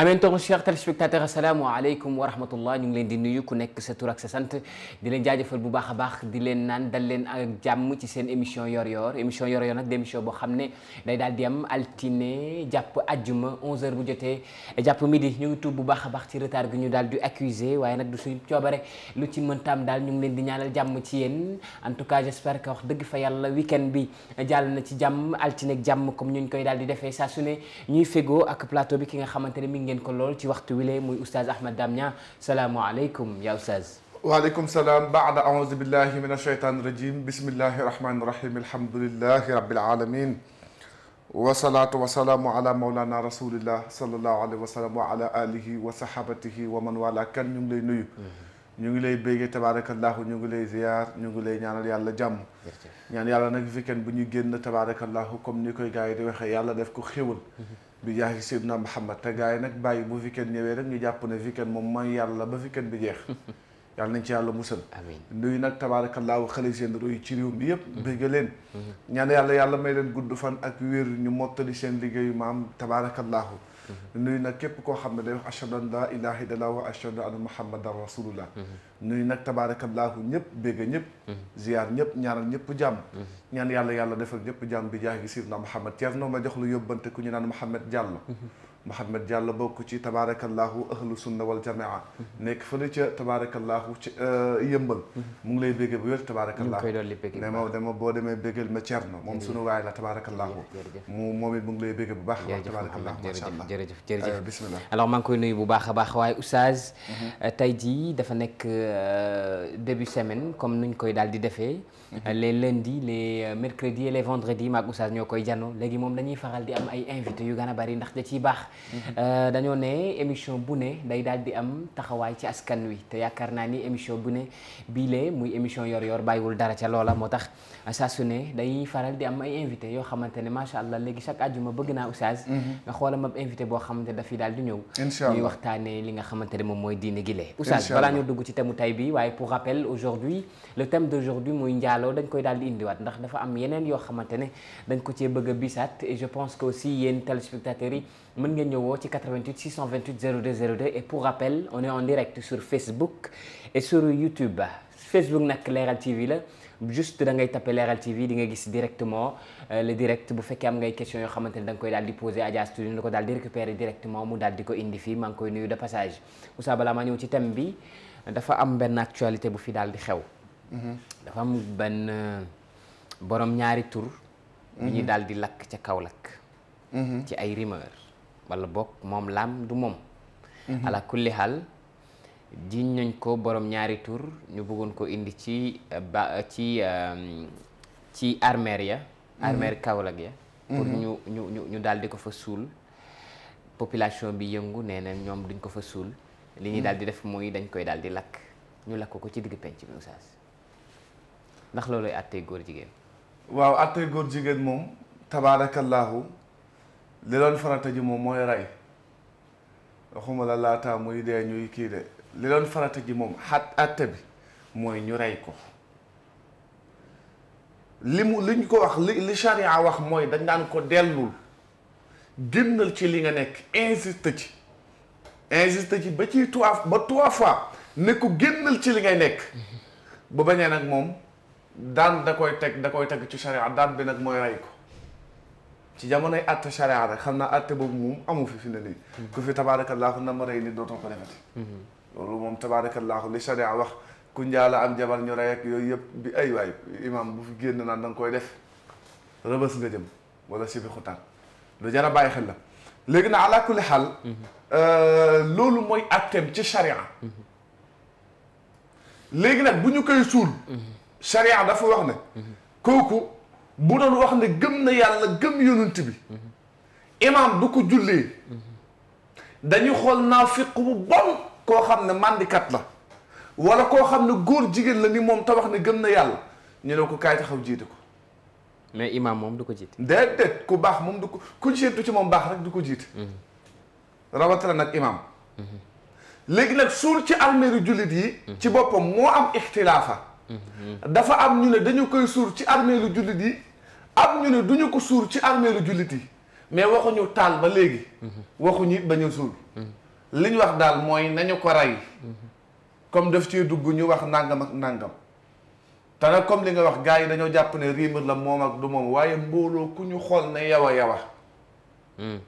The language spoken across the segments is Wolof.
ameentoog chers téléspectateurs asalaamaaleykum wa rahmatullah ñu ngi leen di nuyu ku nekk sa tur ak sa sant di leen jaajëfal bu baax a baax di leen naan dal leen ak jàmm ci seen émission yor-yor émission yor-yor nag di boo xam ne day daal di am altine jàpp ajjuma 11h bu jotee jàpp midi ñu ngi tuub bu baax a baax ci retard gi ñu daal di accusé waaye nag du suñu coobare lu ci mëntaam daal ñu ngi leen di ñaanal jàmm ci yéen en tout cas j'espère que wax dëgg fa yàlla week-end bi jàll na ñu koy daal di defee saa ki nga xamante ne mi ngi ngeen ko lool ci waxtu wile muy oustaz Ahmad Dame Niang salaamualeykum yaa oustaz. waaleykum salaam baada aouzu billahi min ashaytaan rajim bismillahi rahmani rahim alhamdulilahi rabbil alamin wasalaatu wasalaamu ala maulana rasulillah salallahu alayhi wa sallam wa ala alihi wa sahabatihi wa man wala kan ñu ngi lay nuyu mm-hmm. ñu ngi lay béggee tabaarakallahu ñu ngi lay ziyaar ñu ngi lay ñaanal yàlla jàmm ñaan yàlla nag weekend bu ñu génn tabaarakallahu comme ni koy gars yi di waxee yàlla def ko xéwal mm-hmm. bi jaahi Seydina Muhammad te gars yi nag bàyyi bu weekend ñëwee rek ñu jàpp ne weekend moom mooy yàlla ba weekend bi jeex yàlla nañ ci yàlla musal amiin nuyu nag tabaarakallaahu xale seen yi ci réew mi yëpp mm-hmm. bëgg leen mm-hmm. ñaan yàlla yàlla may leen gudd fan ak wér ñu mottali seen liggéeyu maam tabaarakallaahu Mm-hmm. nuyu nag képp koo xam ne day wax ashhadu an laa ilaaha illallah wa ashhadu anna muhammadan rasulullah mm-hmm. nuyu nag tabaarakallaahu ñëpp bégg ñëpp mm-hmm. ziyaar ñëpp ñaanal ñëpp jàmm ñaan yàlla yàlla defal ñëpp jàmm bi jaay gi siir na Mouhamed Thierno ma jox lu yóbbante ku ñu naan Mouhamed Diallo Mouhamed Diallo bokk ci tabaarakallaahu ahlu sunna wal jamaa mhm. nekk fële ca tabaarakallaahu ci euh, yëmbal mhm. mu ngi lay bégge bu wér tabaarakallaahu ne ma dama boo demee béggel ma Thierno moom sunu waay la tabaarakallaahu mu moom it mu ngi lay bégge bu baax a tabaarakallaahu macha allah jërëjëf jërëjëf euh, bismillah alors maa ngi koy nuyu bu baax a baax waaye oustaz mhm. tey jii dafa nekk euh, début semaine comme nuñ koy daal di defee Euh, les lundis les euh, mercredis et les vendredis maag oustaz ñoo koy janoo léegi moom dañuy faral di am ay invités yu gën a bari ndax da ciy baax. Mhm. Euh, dañoo ne émission bu ne day daal di am taxawaay ci askan wi te yaakaar naa ni émission bu ne bii lee muy émission yor-yor bàyyiwul dara ca loola moo tax saa su ne day faral di am ay invités yoo xamante ne macha allah léegi chaque àjjuma bëgg naa oustaz. Mhm. nga xoolam ab invité boo xamante dafi daal di ñëw. incha allah ñuy waxtaanee li nga xamante ne moom mooy diine gi lee. incha allah oustaz balaa bi loolu dañ koy daal di indiwaat ndax dafa am yeneen yoo xamante ne dañ ko cee bëgg a bisaat et je pense que aussi yéen téléspectateurs yi mën ngeen ñëwoo ci 88 628 02 02 et pour rappel on est en direct sur Facebook et sur YouTube Facebook nag Leral TV la juste da ngay tapé Leral TV di nga gis directement euh, le direct bu fekkee am ngay question yoo xamante ne da nga koy daal di posé Adja Studio la ko daal di récupérer directement mu daal di ko indi fii maa ngi koy nuyu de ma ñëw ci thème bi dafa am benn actualité bu fi daal di xew dafa am benn euh, borom ñaari tour ñu mhm. daal di lakk ca Kaolack. Mhm. ci ay rumeur wala bokk moom laam du moom. Mhm. ala kulli xaal jiñ nañ ko boroom ñaari tour ñu bëggoon ko indi ci euh, ba euh, ci ci armeer ya. armeer Kaolack ya. pour ñu ñu ñu ñu daal di ko fa suul. population bi yëngu nee ñoom duñ ko fa suul. li ñuy daal di def mooy dañ koy daal di lakk ñu lakk ko ci diggu penc bi oustaz ndax loolooy àttee góor jigéen waaw àttee góor jigéen moom tabaarakallaahu li doon farata ji moom mooy rey waxuma la laata muy dee ñuy kii de li doon farata ji moom xat àtte bi mooy ñu rey ko li mu li ñu ko wax li li charia wax mooy dañ daan ko dellul génnal ci li nga nekk insiste ci insiste ci ba ci trois ba trois fois ne ko génnal ci li ngay nekk mhm. bu bañee nag moom daan da koy teg da koy teg ci charia daan bi nag mooy rey ko ci jamonoy àtte charia rek xam naa àtte boobu moom amu fi fi ne nii mhm. ku fi tabaarakallaahu na ma rey nit dootoo ko defati mhm. loolu moom tabaarakallaahu li charia wax ku njaala am jabar ñu yooyu yëpp bi ay waay imaam naan da koy def rëbës nga jëm wala si bi xutaan lu a bàyyi xel la léegi na ala kulli mhm. euh, loolu mooy àtteem ci charia léegi nag bu ñu koy suul charia dafa wax ne kooku bu doon wax ne gëm na yàlla gëm yonent bi imaam du ko jullee dañu xool naafiq bu bon koo xam ne màndikat la walla koo xam ne góor jigéen la ni moom te wax ne gëm na yàlla ñu ne ko kaay taxaw jiite ko mais imaam moom du ko jiite déedéet ku baax moom du ko ku tu ci moom baax rek du ko jiite rawatina nag imaam mhm. léegi nag suur ci arméeru jullit yi ci boppam moo am ixtilaafa Mm-hmm. dafa am ñu ne dañu koy suur ci armée lu jullit yi am ñu ne duñu ko suur ci armée lu jullit yi mais waxuñu taal ba léegi mm-hmm. waxuñu it bañ a suur mm-hmm. li ñu wax daal mooy nañu ko rey comme def ci dugg ñu wax nangam ak nangam te nag comme li nga wax gars yi dañoo jàpp ne riimar la moom ak du moom waaye mbooloo ku ñu xool ne yawa yawa mm.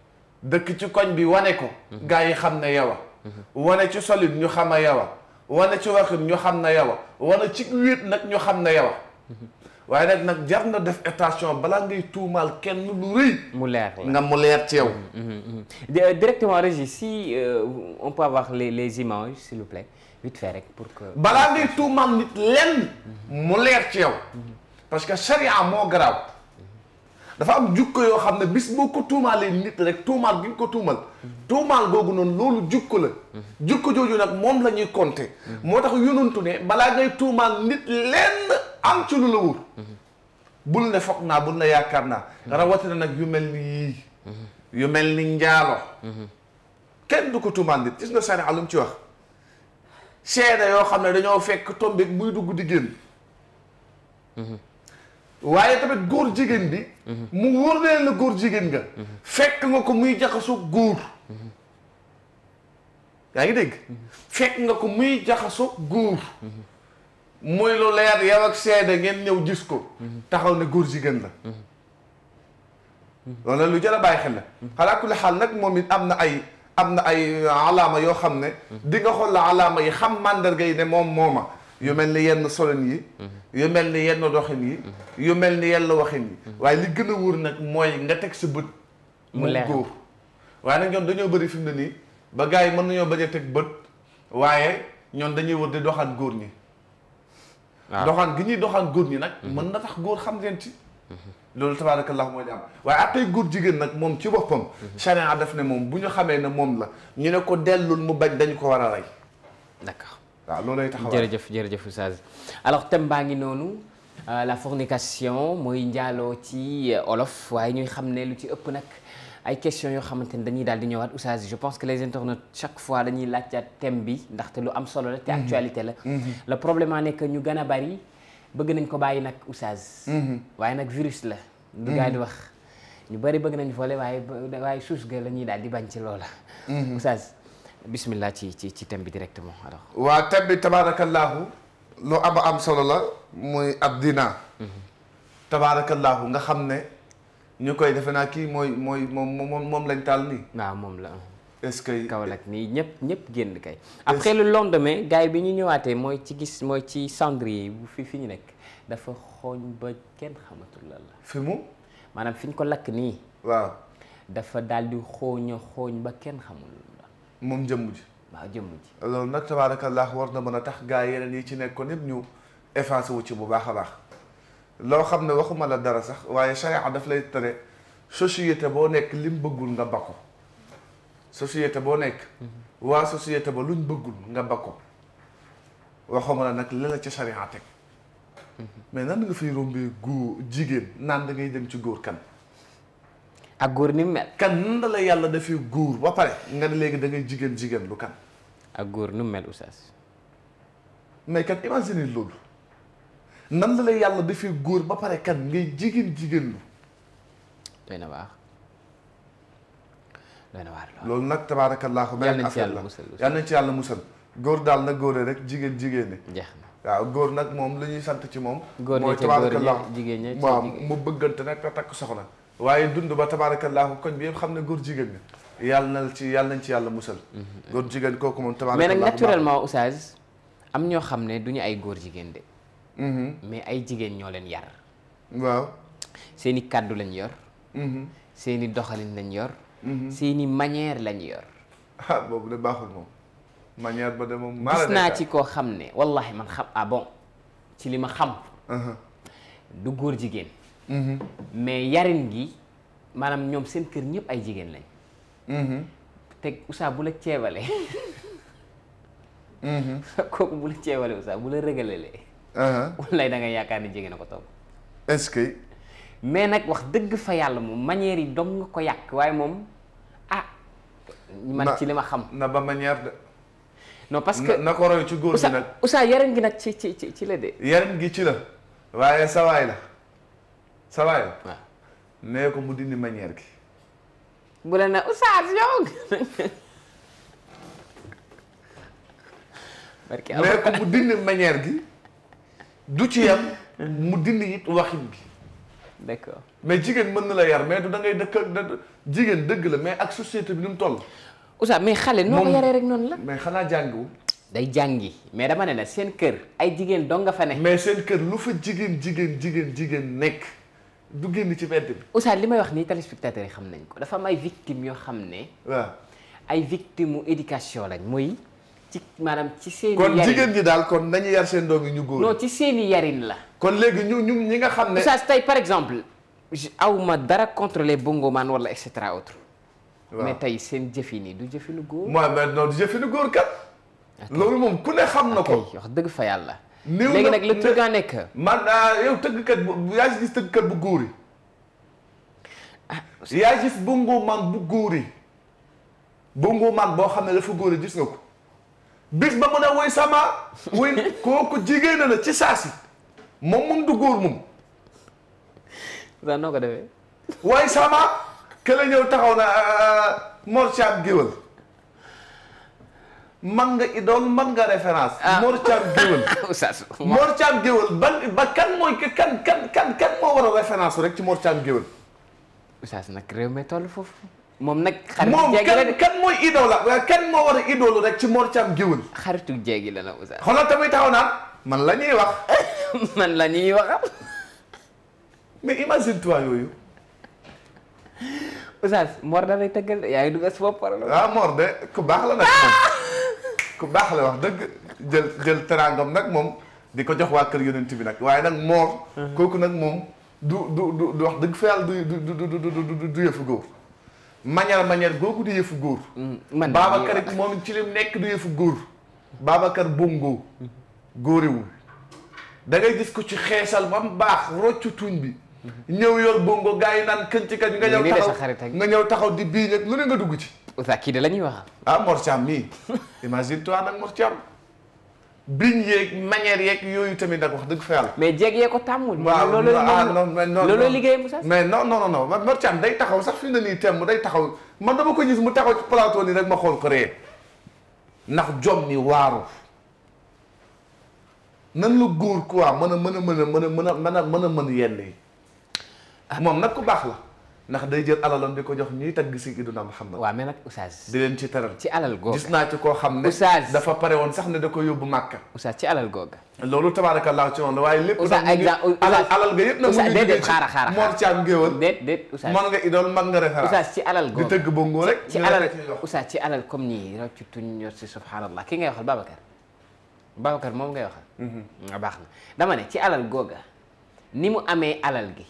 dëkk ci koñ bi wane ko gars yi xam ne yawa wane ci solide ñu xama yawa wane ci waxin ñu xam na yow wane ci wéet nag ñoo xam na yow waaye nag nag jar na def attention balaa ngay tuumaal kenn lu rëy. mu leer nga mu leer ci yow. Mm-hmm, mm-hmm, mm-hmm. Euh, directement Régis si euh, on peut avoir les les images s'il vous plaît vite fait rek pour que. balaa ngay tuumaal nit lenn. mu leer ci yow. parce que charia moo garaaw. dafa am jukko yoo xam ne bis boo ko tuumaalee nit rek tuumaal gi nga ko tuumal tuumaal googu noonu loolu jukko la jukko jooju nag moom lañuy ñuy moo tax yonantu ne balaa tuumaal nit lenn am ci lu la wóor bul ne foog naa bul ne yaakaar naa rawatina nag yu mel ni yii yu mel ni njaalo kenn du ko tuumaal nit gis nga sani alum ci wax seede yoo xam ne dañoo fekk tombéeg buy dugg di génn waaye tamit góor jigéen bi mhm. mu wóor leen la góor jigéen nga mhm. fekk nga ko muy jaxasoo góor mhm. yaa ngi dégg fekk nga ko muy jaxasoo góor mooy lu leer yow ngeen ñëw gis ko taxaw ne góor jigéen la loolu lu jar a bàyyi xel la xalaa kulli xaal nag moom it am na ay am na ay alaama yoo xam ne di nga la alaama yi xam mandarga yi ne moom mooma yu mel ni yenn solin yi mhm. yu mel ni yenn doxin yi mhm. yu mel ni yenn waxin yi mhm. waaye li gën a wóor nag mooy nga teg sa bët mu góor waaye nag ñoom dañoo bari fi mu ne nii ba gaa yi mën nañoo bañ a teg bët waaye ñoom dañuy wër di doxaan góor ñi ah. doxaan gi ñuy doxaan góor ñi nag mën na tax góor xam leen ci loolu tabarakallah mooy di am waaye attey góor jigéen nag moom ci boppam charia def ne moom bu ñu xamee ne moom la ñu ne ko dellul mu bañ dañu ko war a rey waaw loolay jërëjëf jërëjëf Oustaz alors thème baa ngi noonu euh, la fornication mooy njaaloo ci olof waaye ñuy xam ne lu ci ëpp nag ay question yoo xamante ni dañuy daal di ñëwaat Oustaz je pense que les internautes chaque fois dañuy laajtaat thème bi ndaxte lu am solo la te mhm. actualité la mhm. le problème a est ñu gën a bari bëgg nañ ko bàyyi nag Oustaz mhm. waaye nag virus la du gaa di wax ñu bari bëgg nañ voler waaye waaye suus ga la ñuy daal di bañ ci loola Oustaz bismillah ci ci ci thème bi directement alors. waa thème bi tabaarakallaahu lu am am solo la muy ab dina. tabaarakallaahu nga xam ne ñu koy defe naa kii mooy mooy moom moom lañ taal nii. waaw moom la. est-ce que Kaolack nii ñëpp ñëpp génn kay. après le lendemain gars yi bi ñu ñëwaatee mooy ci gis mooy ci cendrier yi bu fi fi ñu nekk dafa xooñ ba kenn xamatul la. fi mu. maanaam fi ñu ko lakk nii. waaw dafa daal di xooñ xooñ ba kenn xamul. moom jëmm ji. waaw jëmm ji. loolu nag tabaarakallah war na mën a tax gaa yeneen yi ci nekkoon yëpp ñu effacé wu ci bu baax a baax loo xam ne waxuma la dara sax waaye charia daf lay tere société boo nekk lim bëggul nga bakko société boo nekk. Mhm. waa société ba luñ bëggul nga bakko waxuma la nag li la ci charia teg mhm. mais nan nga fiy rombee góor jigéen naan da ngay dem ci góor kan. ak góor ni mu mel. kan nan la yàlla dafay góor ba pare nga ne léegi da ngay jigéen jigéen lu kan. ak góor nu mu mel oustaz. mais kan imagine loolu nan la yàlla dafay góor ba pare kan ngay jigéen jigéen lu. doy na baax doy na loolu nag tabaarakallaahu beneen affaire la yal nañ ci yàlla musal góor daal na góore rek jigéen jigéen ni jeex waaw góor nag moom lañuy sant ci moom. góor mooy tabaarakallaahu jigéen ñi waaw mu bëggante nag te takk soxla waaye dund ba tabaarakallaahu koñ bi yëpp xam ne góor jigéen nga na ci yàlla nañ ci yàlla musal mm-hmm. góor jigéen kooku moom tabaarakallaahu mais nag naturellement am ñoo xam ne du ay góor jigéen de mm-hmm. ay jigéen ñoo leen yar waaw seeni kàddu lañ yor mm-hmm. seeni doxalin lañu yor seeni manière lañ yor ah, boobu de baaxul moom manière ba de moom maa gis naa ci koo xam ne wallahi man xam ah ci li ma xam uh-huh. du góor jigéen Mm-hmm. mais yarin gi maanaam ñoom seen kër ñëpp ay jigéen lañ. Mm-hmm. te Oussa bu la ceebale. Mm-hmm. kooku bu la ceebale Oussa bu la rëgalalee. Uh-huh. wallaay da nga yaakaar ni jigéen na ko topp. est que. mais nag wax dëgg fa yàlla moom manière yi dong nga ko yàq waaye moom ah. man ci li ma xam na ba manière de. non parce que na ko roy ci góor gi nag Oussa yarin gi nag ci ci ci la de. yarin gi ci la waaye sawaay la. sawaay waaw nee ko mu dindi manière ki bu la ne oustaz yow nee ko mu dindi manière gi du ci yam mu dindi it waxin bi d'accord mais jigéen mën na la yar mais du da ngay dëkk jigéen dëgg la mais ak société bi ni mu toll oustaz mais xale noo ko yaree rek noonu la mais xanaa jàngiwul day jàngi mais dama ne na seen kër ay jigéen dong nga fa ne mais seen kër lu fa jigéen jigéen jigéen jigéen nekk du génn ci mbedd bi. Oustaz li may wax nii téléspectateurs yi xam nañ ko dafa am ay victimes yoo xam ne. waaw ay victimes mu éducation lañ mooy. ci maanaam ci seen. yarin kon jigéen ñi daal kon ñu góor. ci seen i yarin la. kon léegi ñu ñu ñi nga xam ne. Oustaz tey par exemple. awma dara contrôler bongo man wala et cetera autre. mais tey seen jëfini du jëfinu góor. mooy mais non du jëfinu góor kat. loolu moom ku ne xam na ko. wax dëgg fa yàlla. néew léegi nag la tëggaa nekk. man ah, yow tëggkat bu yaa bu góor yi. ah yaa gis man bu góor yi bongo man boo xam ne dafa góor yi gis nga ko bis ba mën a woy sama woy kooku jigéen na la ci saasi moom moom du góor moom. sax noo sama kële ñëw taxaw na ah, ah, Mor Thiam géwël man nga idole man nga référence. ah Mor Thiam Géwël. oustaz Mor ba kan mooy kan kan kan kan moo a référence rek ci Mor Thiam Géwël. oustaz nag réew mi toll foofu. moom nag xaritu jéegi la moom kan kan mooy idole la kan moo war a idole rek ci Mor Thiam Géwël. xaritu jéegi la la taxaw naan man la ñuy wax. man la ñuy wax. mais imagine toi yooyu. oustaz Mor da lay tëggal yaa ngi dugg si boppam. ah Mor de ku baax la nag. ku baax la wax dëgg jël jël teraangam nag moom di ko jox waa kër yonent bi nag waaye nag moor mhm. kooku nag moom du du du wax dëgg fa yàlla du du du yëfu góor manière manière googu mm, du yëfu góor Babacar it moom ci lim nekk du góor Babacar bongo mhm. góorewul da ngay gis ko ci xeesal ba mu baax roccu tuñ bi mhm. ñëw yor bongo gars yi naan kënc kañ nga ñëw taxaw nga ñëw taxaw di biiñ ak lu ne nga dugg ci Oustaz kii de la ñuy wax. ah Mor Thiam mii imagine toi nag Mor biñ yeeg manière yeeg yooyu tamit nag wax dëgg fa mais jéeg yee ko tàmmul. waaw loolu loolu liggéeyam sax. mais non non non day taxaw sax fi mu ne nii thème day taxaw man dama ko gis mu taxaw ci plateau nii rek ma xool ko ree ndax jom mi waaru. nan la góor quoi mën a mën a mën a mën a mën a mën a mën a mën yenn yi. Ah. moom nag ku baax la. ndax day jël alalam di ko jox ñuy tagg Sayyidina Muhammad waaw mais nag Oustaz di leen ci teral ci alal googa gis naa ci koo xam ne Oustaz dafa pare woon sax ne da ko yóbbu Màkka Oustaz ci alal googa loolu tabarakallah ci woon la waaye lépp nag alal alal nga yëpp nag mu déedéet xaara xaara man nga idol man nga di tëgg bongo rek ci alal Oustaz ci alal comme ñii rocc tuñ yor si subhanallah ki ngay waxal Babacar Babacar moom ngay waxal nga mhm. ah, baax na dama ne ci alal googa ni mu amee alal gi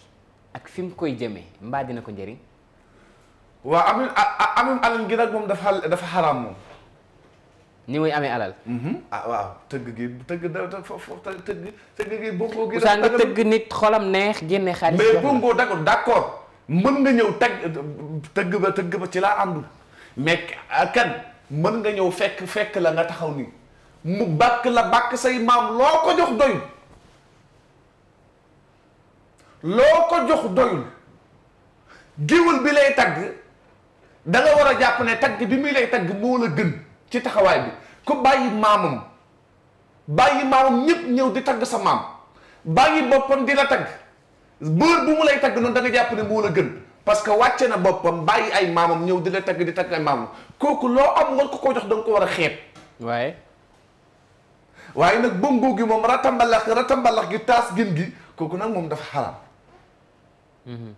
ak fi mu koy jëmee mbaa dina ko njëriñ. waaw amul amul alal gi nag moom dafa dafa xaraam moom. ni muy amee alal. Mm-hmm. ah waaw tëgg gi tëgg da foofu tëgg tëgg gi bongo gi. dafa nga tëgg nit xolam neex génne xaalis. mais bongo d' accord mën nga ñëw teg tëgg ba tëgg ba ci laa àndul mais ah, kan mën nga ñëw fekk fekk la nga taxaw nii mu bàkk la bàkk say maam loo ko jox doyul. loo ko jox doyul géwël bi lay tagg da war a jàpp ne tagg bi muy lay tagg moo a gën ci taxawaay bi ko bàyyi maamam bàyyi maamam ñëpp ñëw di tagg sa maam bàyyi boppan di la tagg bër bu mu lay tagg noonu da jàpp ne moo a gën parce que wàcce na boppam bàyyi ay maamam ñëw di la tagg di tagg ay maamam kooku loo am war ko ko jox da ko war a xeet waaye waaye nag bëngoo gi moom ratambalax ratambalax gi taas gin gi kooku nag moom daf xaraam Mm-hmm.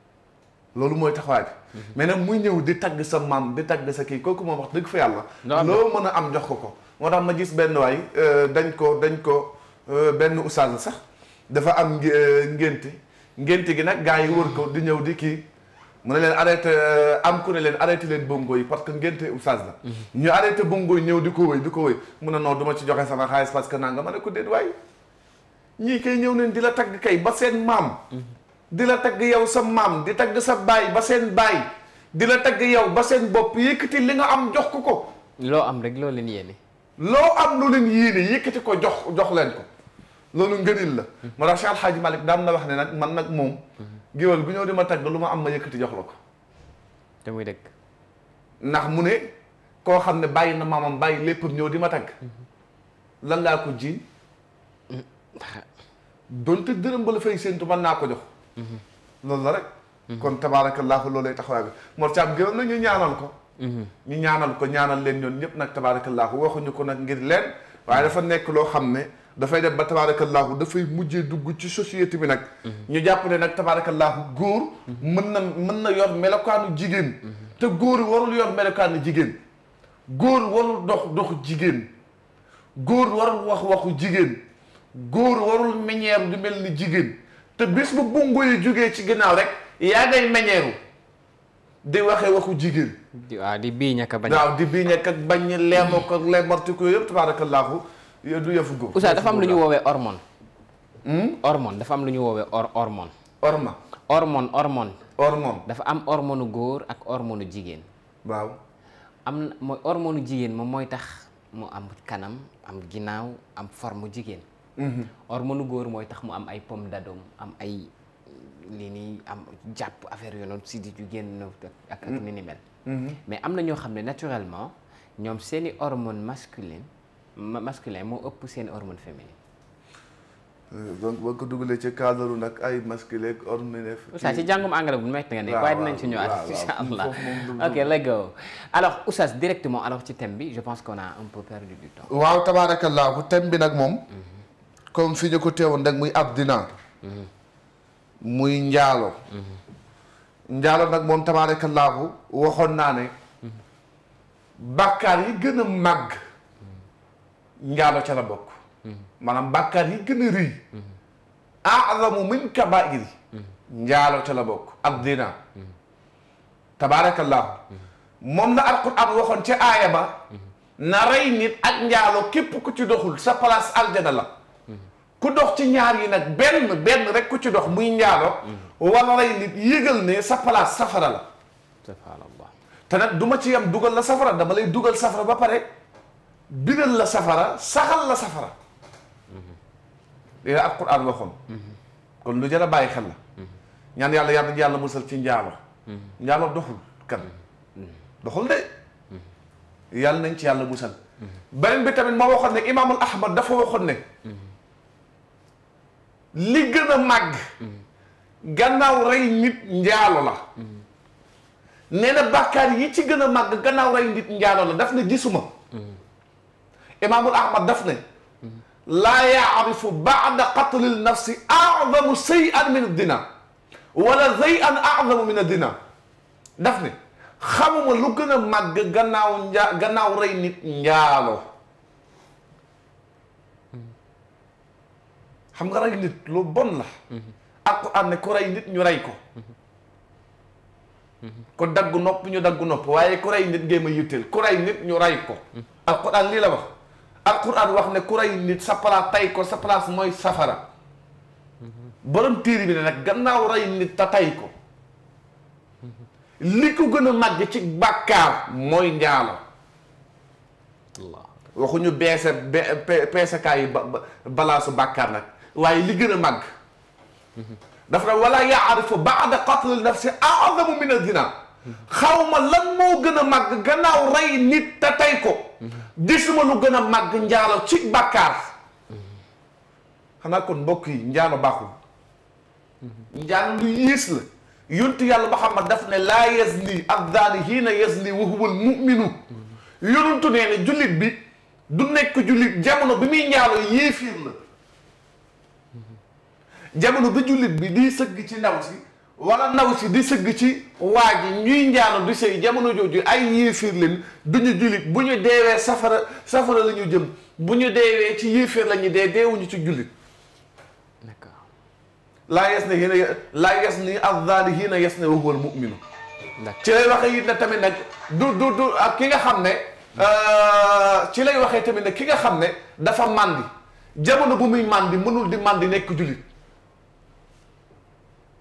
loolu mooy taxawaay bi. Mm-hmm. mais nag muy ñëw di tagg sa maam di tagg sa kii kooku moom wax dëgg fa yàlla. loo mën a am jox ko ko. moo tax ma gis benn waay euh, dañ ko dañ ko euh, benn oustaz sax dafa am ngente euh, ngénte gi nag gaa yi wër ko di ñëw di kii mu ne leen arrêté am ku ne leen arrêté leen bongo yi parce que ngénte oustaz la. Mm-hmm. ñu arrêté bongo yi ñëw di ko wëy di ko wëy mun ne non du ci joxe sama xaalis parce que nga ma ne ko déet waay ñii kay ñëw neen di la tagg kay ba seen maam. di la tagg yow sa maam di tagg sa baay ba seen baay di la tagg yow ba seen bopp yëkkati li nga am jox ko ko. loo am rek loo leen yéene. loo am lu leen yéene yëkkati ko jox jox leen ko loolu ngënil la. Mhm. moo tax Cheikh Alhaji Malick daan na wax ne nag man nag moom. Mhm. géwél bi ñëw di ma tagg lu ma am ma yëkkati jox la ko. te muy dëkk. ndax mu ne koo xam ne bàyyi na maamam bàyyi lépp ñëw di ma tagg. Mhm. lan laa ko jiiñ. Mm. donte dërëm ba la fay séentu mën naa ko jox. Mm-hmm. loolu la rek. Mm-hmm. kon tabaarakallaahu loolay taxawaay bi Mor Thiam gërëm na ñu ñaanal ko. Mm-hmm. ñu ñaanal ko ñaanal leen ñoon ñëpp nag tabaarakallaahu waxuñu ko nag ngir leen waaye dafa nekk loo xam ne dafay def ba tabaarakallaahu dafay mujjee dugg ci société bi nag. ñu jàpp ne nag tabaarakallaahu góor. mën na mën na yor melokaanu jigéen. te góor warul yor melokaanu jigéen. góor warul dox doxu jigéen. góor warul wax waxu jigéen. góor warul meññeer du mel ni jigéen. te bis bu bungu yi jógee ci ginnaaw rek yaa ngay meññeeru di waxee waxu jigéen. waaw di bii ñàkk a bañ. waaw di bii ñàkk ak bañ ak ak leemartiku yëpp tabaarakallaahu du yëfu góor. Oustaz dafa am lu ñu woowee hormone. Hmm? hormone dafa am lu ñu woowee or hormone. hormone. hormone hormone. hormone dafa am hormone góor ak hormone jigéen. waaw. am na mooy jigéen moom mooy tax mu am kanam am ginnaaw am forme jigéen. hormone góor mooy tax mu am ay pomme d'Adam am ay lii nii am jàpp affaire yooyu si sidit yu génn ak ak mm-hmm. ni mm-hmm. mais am na ñoo xam ne naturellement ñoom seen i hormone masculine masculin moo ëpp seen hormone féminine. Euh, donc boo ko dugalee ci cadre nag ay masculin ak hormone. Oustaz ci jàngum anglais bu métti nga ne. waaye dinañ ci ñëwaat incha allah. ok let's go alors directement alors ci thème bi je pense qu'on a un peu du temps. waaw tabaarakallah bu bi nag moom. Mm-hmm. comme fi ñu ko teewoon nag muy abdina muy njaalo njaalo nag moom tabaarakallaahu waxoon naa ne bàkkaar yi gën a màgg njaalo ca la bokk maanaam bàkkaar yi gën a rëy azamu min kabairi njaalo ca la bokk abdina tabaarakallaahu moom la alquran waxoon ca aaya ba na rey nit ak njaalo képp ku ci doxul sa palaas aljana la ku dox ci ñaar yi nag benn benn rek ku ci dox muy njaalo wala rey nit yëgal ne sa safara la subhaanallah te nag du ci yam dugal la safara dama lay dugal safara ba pare binal la safara saxal la safara léegi ak Qur'an waxoon kon lu jar a bàyyi xel la ñaan yàlla yàlla yàlla musal ci njaalo njaalo doxul kan doxul de yàlla nañ ci yàlla musal beneen bi tamit ma waxoon ne imaamul ahmad dafa waxoon ne li gën a màgg gannaaw rey nit njaalo la nee na bàkkaar yi ci gën a màgg gannaaw rey nit njaalo la daf ne gisuma imaamul ahmad daf ne laa yaarifu baada qatlil nafsi aadamu sayan min dina wala zayan aadamu min dina daf ne xamuma lu gën a màgg gannaaw njaa gannaaw rey nit njaalo xam nga rey nit lu bon la ak am ne ku rey nit ñu rey ko ku dagg nopp ñu dagg nopp waaye ku rey nit géem yitteel ku rey nit ñu rey ko alquran lii la wax alquran wax ne ku rey nit sa place tay ko sa place mooy safara borom téere bi ne nag gannaaw rey nit ta tay ko li ko gën a màgg ci bàkkaar mooy njaalo waxuñu beese peesekaay balaasu bàkkaar nag waaye li gën a màgg dafa ne wala yaarifu baada qatl nafsi aadamu min adina xaw ma lan gën a màgg gannaaw rey nit te tey ko gisuma lu gën a màgg njaalo ci bàkkaar xanaa kon mbokk yi njaalo baaxul njaalo lu yiis la yontu Muhammad daf ne laa yazni azzaani hiina yazni wa huwa al-mu'minu yonuntu nee ne bi du nekk jullit jamono bi muy njaalo yéefiir jamono bi jullit bi di sëgg ci ndaw si wala ndaw si di sëgg ci waa ji ñuy njaano di sëy jamono jooju ay yéefir leen duñu jullit bu ñu deewee safara safara lañu jëm bu ñu deewee ci yéefir la dee deewuñu ci jullit laa yes ne yéen a laa yes ni azzaani hiina yes ne wa huwal mu'minu ci lay waxee it na tamit nag du du du ak ki nga xam ne euh, ci lay waxee tamit nag ki nga xam ne dafa màndi jamono bu muy màndi mënul di màndi nekk jullit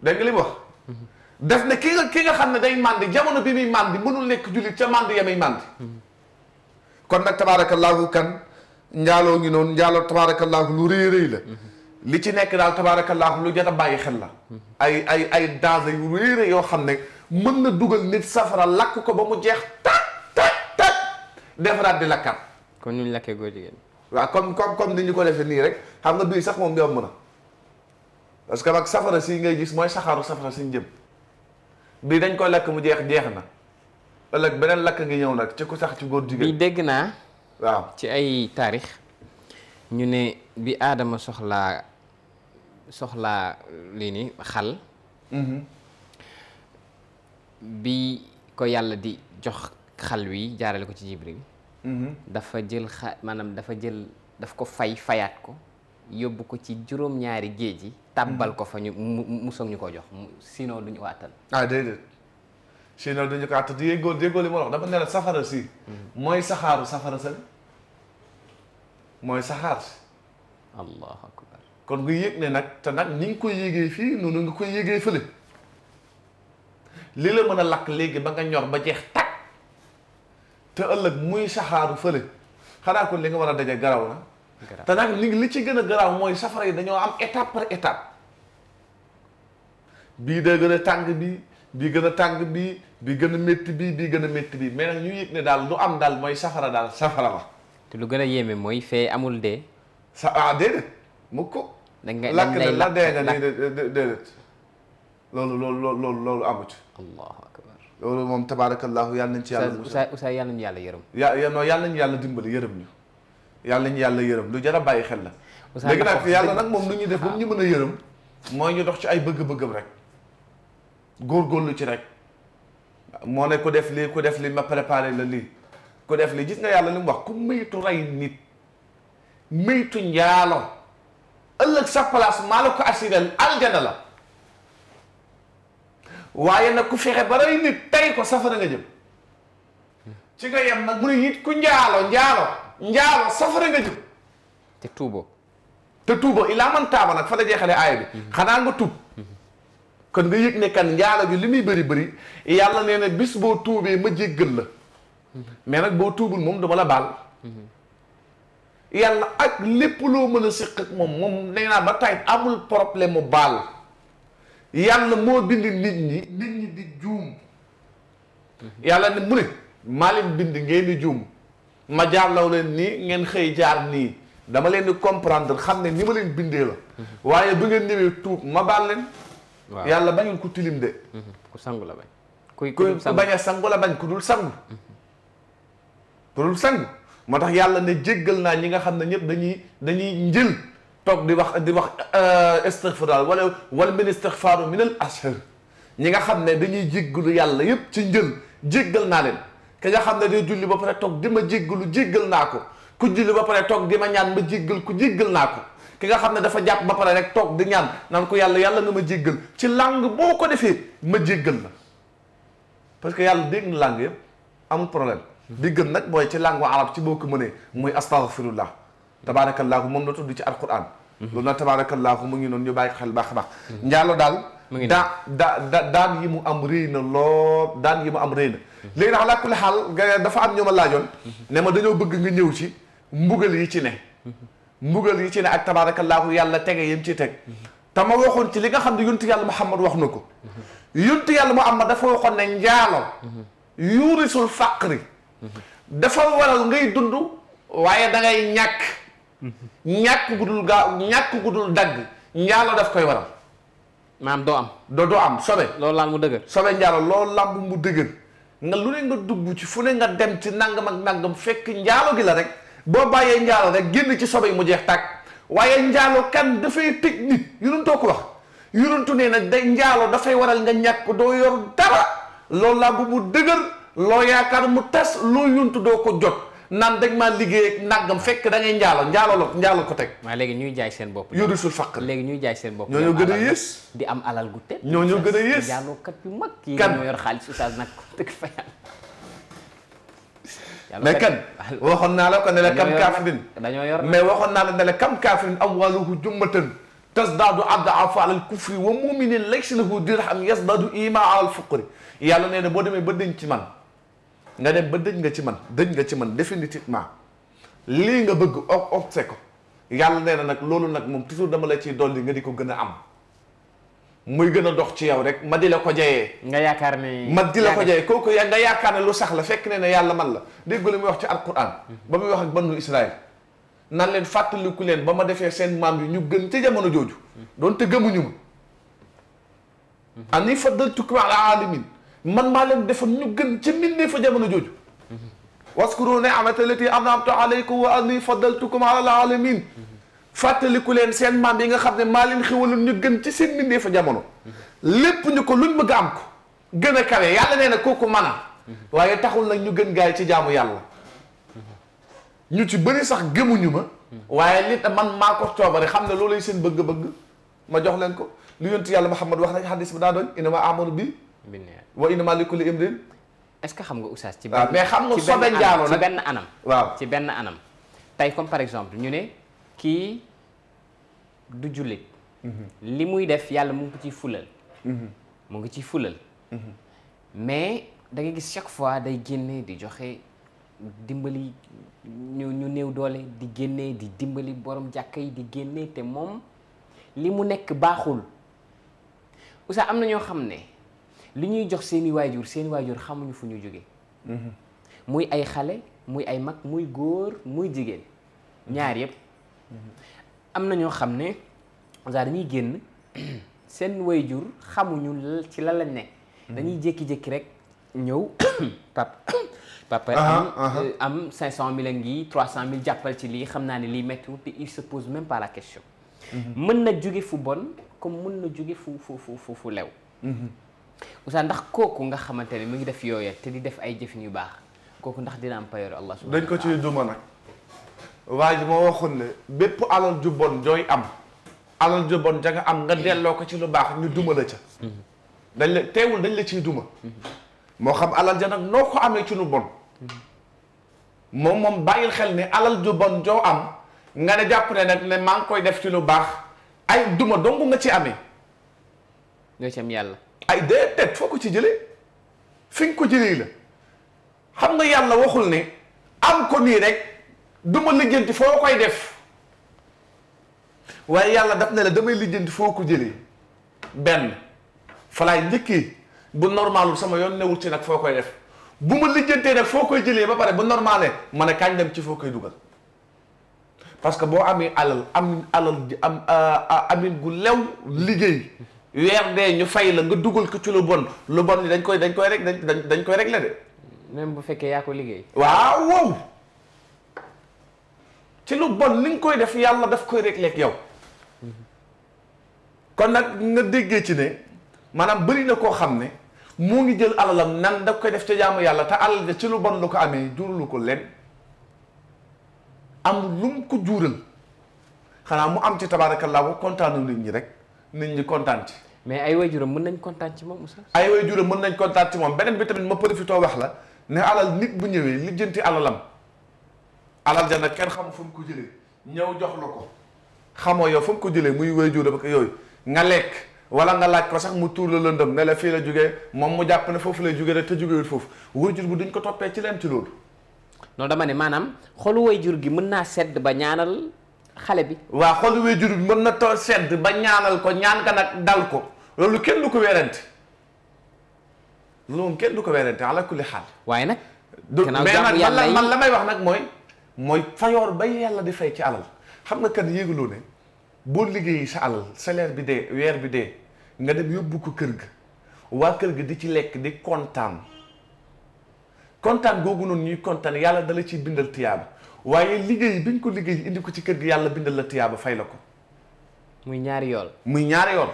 dégg nga li mu wax. def ne ki nga ki nga xam ne day màndi jamono bi muy màndi mënul nekk jullit ca màndi ya muy màndi. kon nag tabaarakallaahu kan njaaloo ngi noonu njaaloo tabaarakallaahu lu rëy rëy la. li ci nekk daal tabaarakallaahu lu jar a bàyyi xel la. ay ay ay danger yu rëy rëy yoo xam ne mën na dugal nit safara lakk ko ba mu jeex tak tak tak defaraat di lakkaat. kon ñu lakkee góor jigéen. waaw comme comme comme ni ñu ko defee nii rek xam nga duy sax moom yomb na. parce que nag safara si ngay gis mooy saxaaru safara si jëm bii dañ ko lakk mu jeex jeex na ëllëg beneen lakk ngi ñëw nag ci ku sax ci góor jigéen bi dégg naa waaw ci ay taarix ñu ne bi aadama soxlaa soxlaa lii ni xal mm-hmm. bi ko yàlla di jox xal wi jaarale ko ci jibril mm-hmm. dafa jël xa maanaam dafa jël daf ko fay fayaat ko yóbbu ko ci juróom-ñaari géej yi tàbbal ko fa ñu mu soog ñu ko jox sinon duñu ko attan. ah déedéet sinon duñu ko attan déggoo déggoo li ma wax dafa ne safara si. Mm-hmm. mooy saxaaru safara sa mooy saxaar si. allahu akbar kon nga yëg ne nag te nag ni nga koy yëgee fii noonu nga koy yëgee fële. li la mën a lakk léegi ba nga ñor ba jeex tàkk te ëllëg muy saxaaru fële xanaa kon li nga war a daje garaw na. te nag li ci gën a garaaw mooy safara yi dañoo am étape par étape bii da gën a tàng bi bii gën a tàng bi bii gën a metti bi bii gën a métti bi mais ñu yëg ne daal lu am daal mooy safara daal safara la te lu gën a yéeme mooy fee amul dee sa ah déedéet mu ko lakk ne la dee nga nii déedéet loolu loolu loolu loolu loolu amu ci allahu akbar loolu moom tabaarakallahu yàlla nañ ci yàlla Oustaz Oustaz yàlla nañu yàlla yërëm yàlla non nañu yàlla dimbali yërëm ñu yàlla ñu yàlla yërëm lu jar a bàyyi xel la léegi nag yàlla nag moom lu ñuy def ba ñu mën a yërëm mooy ñu dox ci ay bëgg-bëggam rek góor góor lu ci rek moo ne ku def lii ku def li ma préparé la lii ku def lii gis nga yàlla li mu wax ku maytu rey nit maytu njaalo ëllëg sa place maa la ko assurel aljana la waaye nag ku fexee ba rey nit tey ko safara nga jëm ci nga yem nag mu ne it ku njaalo njaalo njaalo safara nga jëm. te tuuboo. te tuuboo illaa man taaba nag fa la jeexalee aaya bi. Mhm. xanaa nga tuub. kon nga yëg ne kan njaalo bi li muy bari bari yàlla nee na bis boo tuubee ma jéggal la. Mhm. mais nag boo tuubul moom dama la baal. Mhm. yàlla ak lépp loo mën a séq ak moom moom nee naa ba tey amul problème mu baal. yàlla moo bind nit ñi nit ñi di juum. yàlla ne mu ne maa bind ngeen di juum. ma jaarlaw leen nii ngeen xëy jaar nii dama leen comprendre xam ne ni ma leen bindee la waaye bu ngeen ñëwee tuub ma baal leen waaw yàlla bañul ku tilim de mhm. ku sangu la bañ ku ku bañ a sangu la bañ ku dul sangu ku dul sangu moo tax yàlla ne jéggal naa ñi nga xam ne ñëpp dañuy dañuy njël toog di wax di wax euh, istixfaar wala wal min istixfaaru min al ashar ñi nga xam ne dañuy jéggalu yàlla yëpp ci njël jéggal naa leen ki nga xam ne day julli ba pare toog di ma jéggalu jéggal naa ko ku julli ba pare toog di ma ñaan ma jéggal ku jéggal naa ko ki nga xam ne dafa jàpp ba pare rek toog di ñaan naan ko yàlla yàlla nga ma jéggal ci làng boo ko defee ma jéggal la parce que yàlla dégg na langue yëpp amul problème bi gën nag mooy ci langue arab ci boo ko mënee muy astaghfirullah tabaarakallaahu moom la tudd ci alquran mhm. loolu nag tabaarakallaahu mu ngi noonu ñu bàyyi xel baax a baax daal mu ngi daa daa daan yi mu am rëy na lool daan yi mu am rëy na. léegi nag alaakulli xaal nga dafa am ñoo ma laajoon. ne ma dañoo bëgg nga ñëw ci mbugal yi ci ne. mbugal yi ci ne ak tabaarakallaahu yàlla tege yem ci teg. te ma waxoon ci li nga xam ne yontu yàlla Muhammad wax na ko. yontu yàlla Muhammad dafa waxoon ne njaalo. yuurisul faqri. dafa waral ngay dund waaye dangay ñàkk. ñàkk gu gaaw ñàkk gu dul dagg njaalo daf koy waral. maanaam doo am doo doo am sobe loo laal mu dëgër sobe loolu lamb mu dëgër nga lu ne nga dugg ci fu ne nga dem ci nangam ak mu fekk njaalo gi la rek boo bàyyee njaalo rek génn ci sobe yi mu jeex tàkk waaye njaalo kan dafay tëj nit yuruntu ko wax yuruntu nee nag day njaalo dafay waral nga ñàkk doo yor dara loolu lamb mu dëgër loo yaakaar mu tes loo yuntu doo ko jot naan dañ maa liggéey ak nàggam fekk da ngay njaalo njaalo la njaalo ko teg waaye léegi ñuy jaay seen bopp yu dusul faq léegi ñuy jaay seen bopp ñoo ñoo gën a yées di am alal gu teg ñoo ñoo gën a yées njaalookat yu mag yi ñoo yor xaalis oustaz nag ko dëgg fa yàlla mais kan waxoon naa la ko ne la kam kaafirin dañoo yor mais waxoon naa la ne la kam kaafirin am wàlluhu jumbatan tasdaadu ad'afa alal kufri wa muminin laysa lahu dirham yasdaadu imaa alal fuqri yàlla nee na boo demee ba denc man nga dem ba dëj nga ci man dëj nga ci man définitivement lii nga bëgg o obse ko yàlla nee na nag loolu nag moom toujours dama la ciy dolli nga di ko gën a am muy gën a dox ci yow rek ma di la ko jayee nga yaakaar ne ma di la ko jayee kooku nga yaakaar ne lu sax la fekk ne ne yàlla man la déggu li muy wax ci alquran mhm. ba muy wax ak banu israël nan leen fàttaliku leen ba ma defee seen maam yi ñu gën ca jamono jooju mhm. doonte gëmuñu ma mhm. ani faddaltukum ala alamin man maa leen defoon ñu gën ci mbindee fa jamono jooju waskuru ni'mata lati an'amtu alaykum wa anni faddaltukum ala al-alamin fàttaliku leen seen maam yi nga xam ne maa leen xéwaloon ñu gën ci seen mbindee fa jamono lépp ñu ko luñ bëgg am ko gën a kawe yàlla nee na kooku mën a waaye taxul nag ñu gën gaay ci jaamu yàlla ñu ci bëri sax gëmuñu ma waaye li man maa ko coobare xam ne loolay seen bëgg-bëgg ma jox leen ko li yontu yàlla Muhammad wax na xadis bi daa doon inna bi binaire wa innamaa li kulli imrin est-ce que xam nga oustaz ci benn mais xam nga sobe njaalo nag ci benn anam waaw ci benn anam tey comme par exemple ñu ne kii du jullit mhm. li muy def yàlla mu ngi ko ciy fulal mhm. mu ngi ci fulal mhm. mais da gis chaque fois day génne di joxe dimbali ñu ñu néew doole di génne di dimbali borom jàkk yi di génne te moom li mu nekk baaxul oustaz am na ñoo xam ne li ñuy jox seeni waajur seeni waajur xamuñu fu ñu jóge mhm. muy ay xale muy ay mag muy góor muy jigéen mhm. ñaar yëpp mhm. am na ñoo xam ne genre dañuy génn seen waajur xamuñu ci lan ne dañuy jékki-jékki rek ñëw pap papa am euh, am cinq cent mille a ngi trois cent mille jàppal ci lii xam naa ne lii méttiwul te il se pose même pas la question mën na jóge fu bon comme mën na jóge fu fu fu fu lew Moussa ndax kooku nga xamante ne mu ngi def yooya te di def ay jëfin yu baax kooku ndax dina am payooru Allah subhanahu dañ ko ci duma nag waa ji moo waxoon ne bépp alal ju bon jooy am alal ju bon nga am nga delloo ko ci lu baax ñu duma la ca dañ la dañ la ciy duma xam alal ja nag noo ko bon moom moom bàyyil xel ne alal ju bon am nga ne jàpp ne nag ne maa ngi koy def ci lu baax ay duma dong nga ci amee nga ci yàlla ay déedéet foo ko ci jëlee fi ko jëlee la xam nga yàlla waxul ne am ko nii rek du ma lijjanti foo koy def waaye yàlla daf ne la damay lijjanti foo ko jëlee benn falaay njëkkee bu normalul sama yoon newul ci nag foo koy def bu ma lijjantee nag foo koy jëlee ba pare bu normalé ma ne kañ dem ci foo koy dugal parce que boo amee alal am alal am euh, euh, amin gu lew liggéey weer dee ñu fay la nga dugal ko ci lu bon lu bon dañ koy dañ koy rek dañ dañ koy régler de. même bu fekkee yaa ko liggéey. waaw wow ci lu bon ni nga koy def yàlla daf koy rek ak yow. kon nag nga déggee ci ne maanaam bari na koo xam ne mu ngi jël alalam nan daf koy def ca jaamu yàlla te alal ja ci lu bon lu ko amee juralu ko len am lu mu ko juural xanaa mu am ci tabaarakallaahu kontaanu nit ñi rek. nit ñi kontaan ci. mais ay way waajuram mën nañ kontaan ci moom Moussa. ay way waajuram mën nañ kontaan ci moom beneen bi tamit ma profité wax la ne alal nit bu ñëwee lijjanti alalam alal ja nag kenn xamu fu ko jëlee ñëw jox la ko xamoo yow fu ko jëlee muy waajuram ak yooyu nga lekk wala nga laaj ko sax mu tuur la lëndëm ne la fii la jugee moom mu jàpp ne foofu lay jugee rek te jugewul foofu jur bu dañ ko toppee ci leen ci loolu. non dama ne maanaam xolu waajur gi mën naa sedd ba ñaanal. xale bi waaw xolu waajur bi mën na too sedd ba ñaanal ko ñaan ka nag dal ko loolu kenn du ko werante loolu kenn du ko werante ala kulli xaal waaye nag mais nag man man la may wax nag mooy mooy fayoor ba yàlla di fay ci alal xam nga kat yéeguloo ne boo liggéeyi sa alal salaire bi dee weer bi dee nga dem yóbbu ko kër gi waa kër gi di ci lekk di kontaan kontaan googu noonu ñuy kontaan yàlla dala ciy bindal tiyaaba waaye liggéey bi ñu ko liggéey indi ko ci kër gi yàlla bindal la tiyaaba fay la ko. muy ñaari yoon muy ñaari yoon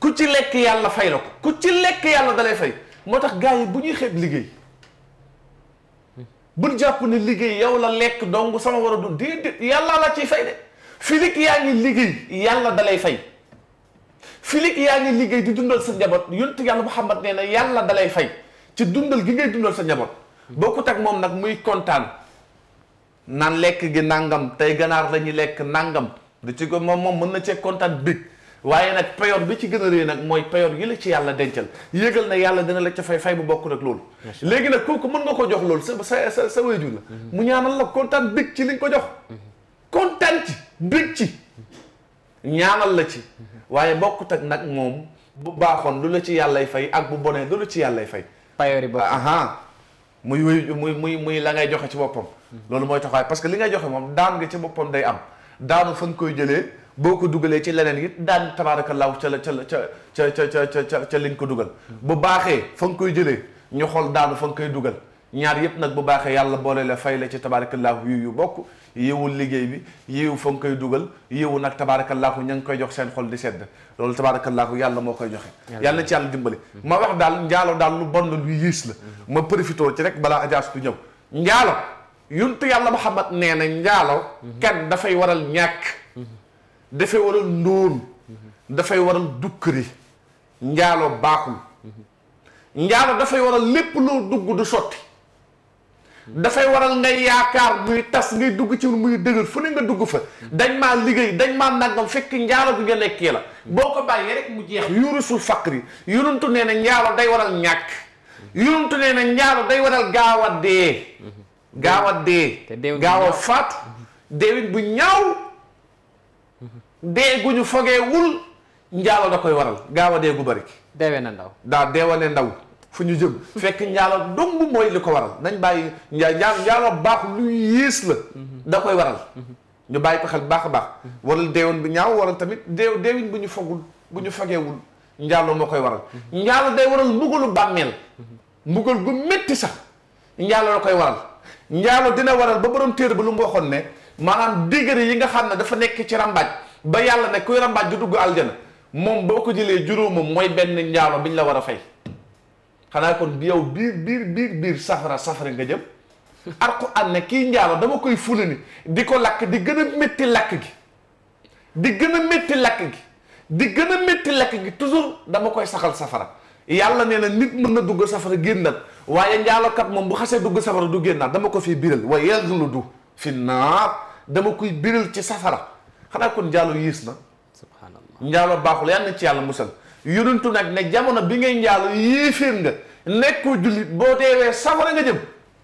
ku ci lekk yàlla fay la ko ku ci lekk yàlla dalay fay moo tax gars bu ñuy xeeb liggéey bul jàpp ne liggéey yow la lekk dong sama war a dund déedéet yàlla la ciy fay de filik yaa yàlla dalay fay filik yaa ngi liggéey di dundal sa njaboot yonent yàlla Muhammad nee na yàlla dalay fay ci dundal gi ngay dundal sa njaboot. bokkut ak moom nag muy kontaan naan lekk gi nangam tey ganaar la ñuy lekk nangam du ci ko moom moom mën na cee kontaan big waaye nag période bi ci gën a rëy nag mooy période yi la ci yàlla dencal yëgal na yàlla dina la ca fay fay bu bokk nag loolu léegi nag kooku mën nga ko jox loolu sa sa sa sa wayjur la mhm. mu ñaanal la kontaan big ci li nga ko jox mhm. kontaan ci big ci ñaanal la ci mhm. waaye bokkut ak nag moom bu baaxoon lu la ci yàllay fay ak bu bonee lu la ci yàllay fay muy muy muy muy la ngay joxe ci boppam. loolu mooy taxawaay parce que li ngay joxe moom daan nga ci boppam day am daanu fa nga koy jëlee boo ko dugalee ci leneen it daan tabaarakallaahu ca la ca ca ca ca ca ca li nga ko dugal. bu baaxee fa nga koy jëlee ñu xool daanu fa nga koy dugal ñaar yëpp nag bu baaxee yàlla boole la fay la ci tabaarakallaahu yu yu bokk. yiwu liggéey bi yiwu fa nga koy dugal yiwu nag tabaarakallaahu ña ngi koy jox seen xol di sedd loolu tabaarakallaahu yàlla moo koy joxe yàlla na ci yàlla dimbali mm-hmm. ma wax daal njaalo daal lu bon lu yiis la mm-hmm. ma profité ci rek balaa ajaas du ñëw njaalo yuntu yàlla Muhammad nee na njaalo mm-hmm. kan dafay waral ñàkk dafay waral ndóon dafay waral dukkari njaalo baaxul njaalo dafay waral lépp loo dugg du sotti dafay waral ngay yaakaar muy tas ngay dugg ci muy dëgër fu ne nga dugg fa dañ ma liggéey dañ maa nangam fekk njaalo bi nga nekkee la boo ko bàyyee rek mu jeex yurusul faqri yuruntu nee na njaalo day waral ñàkk yuruntu nee na njaalo day waral gaaw a dee gaaw a dee gaaw a faatu deewit bu ñaaw dee gu ñu fogeewul njaalo da koy waral gaaw a dee gu bari deewee na ndaw daa deewane ndaw fu ñu jëm fekk njaalo dong mooy li ko waral nañ bàyyi njaa njaalo baax lu yées la da koy waral ñu bàyyi ko xel baax a baax waral deewoon bi ñaaw waral tamit deew deewin bu ñu fogul bu ñu fageewul njaalo moo koy waral njaalo day waral mbugalu bàmmeel mbugal gu metti sax njaalo koy waral njaalo dina waral ba borom téere ba lu mu waxoon ne maanaam diggante yi nga xam ne dafa nekk ci rambaaj ba yàlla ne kuy rambaaj du dugg aljana moom boo ko jëlee juróomam mooy benn njaalo biñ la war a fay xanaa kon yow biir biir biir biir safara safara nga jëm alxuraan ne kii njaalo dama koy fule ni di ko lakk di gën a métti lakk gi di gën a métti lakk gi di gën a métti lakk gi toujours dama koy saxal safara yàlla nee na nit mën na dugg safara génnal waaye njaalokat moom bu xasee dugg safara du génnaat dama ko fii biral wa yaxludu fi naar dama koy biral ci safara xanaa kon njaalo yiis na subhanallah njaalo baaxul yàlla na ci yàlla musal yonentu nag ne jamono bi ngay njaalo yéeféer nga nekkoo jullit boo deewee safara nga jëm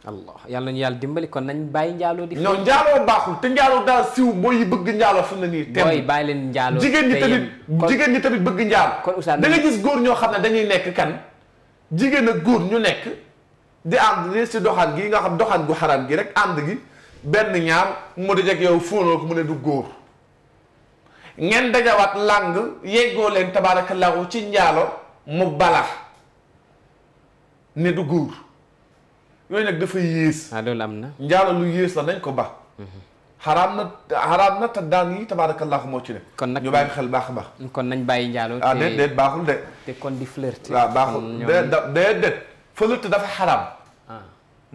allah yàlla ñu yàlla dimbali kon nañ bàyyi njaaloo di non njaaloo baaxul te njaaloo daa siw mooy bëgg njaaloo fi mu ne nii tem bàyyi leen njaaloo jigéen ñi tamit jigéen ñi tamit bëgg njaalo kon Oustaz da nga gis góor ñoo xam ne dañuy nekk kan jigéen ak góor ñu nekk di ànd ni si doxaan gi nga xam doxaan gu xaram gi rek ànd gi benn ñaar mu dajeg yow fóonoo ko mu ne du góor ngeen dajawaat làng yeggoo leen tabaarakallaahu ci njaalo mu bala ne du góor yooyu nag dafa yées. ah loolu am na. njaalo lu yées la nañ ko ba. Mhm. xaraam na xaraam daan te daan yi tabaarakallaahu moo ci ne. kon nag ñu bàyyi xel baax a baax. kon nañ bàyyi njaalo. Ah, te baaxul de. te kon di flirter. waaw baaxul déet déet déet flirter dafa xaraam. Ah.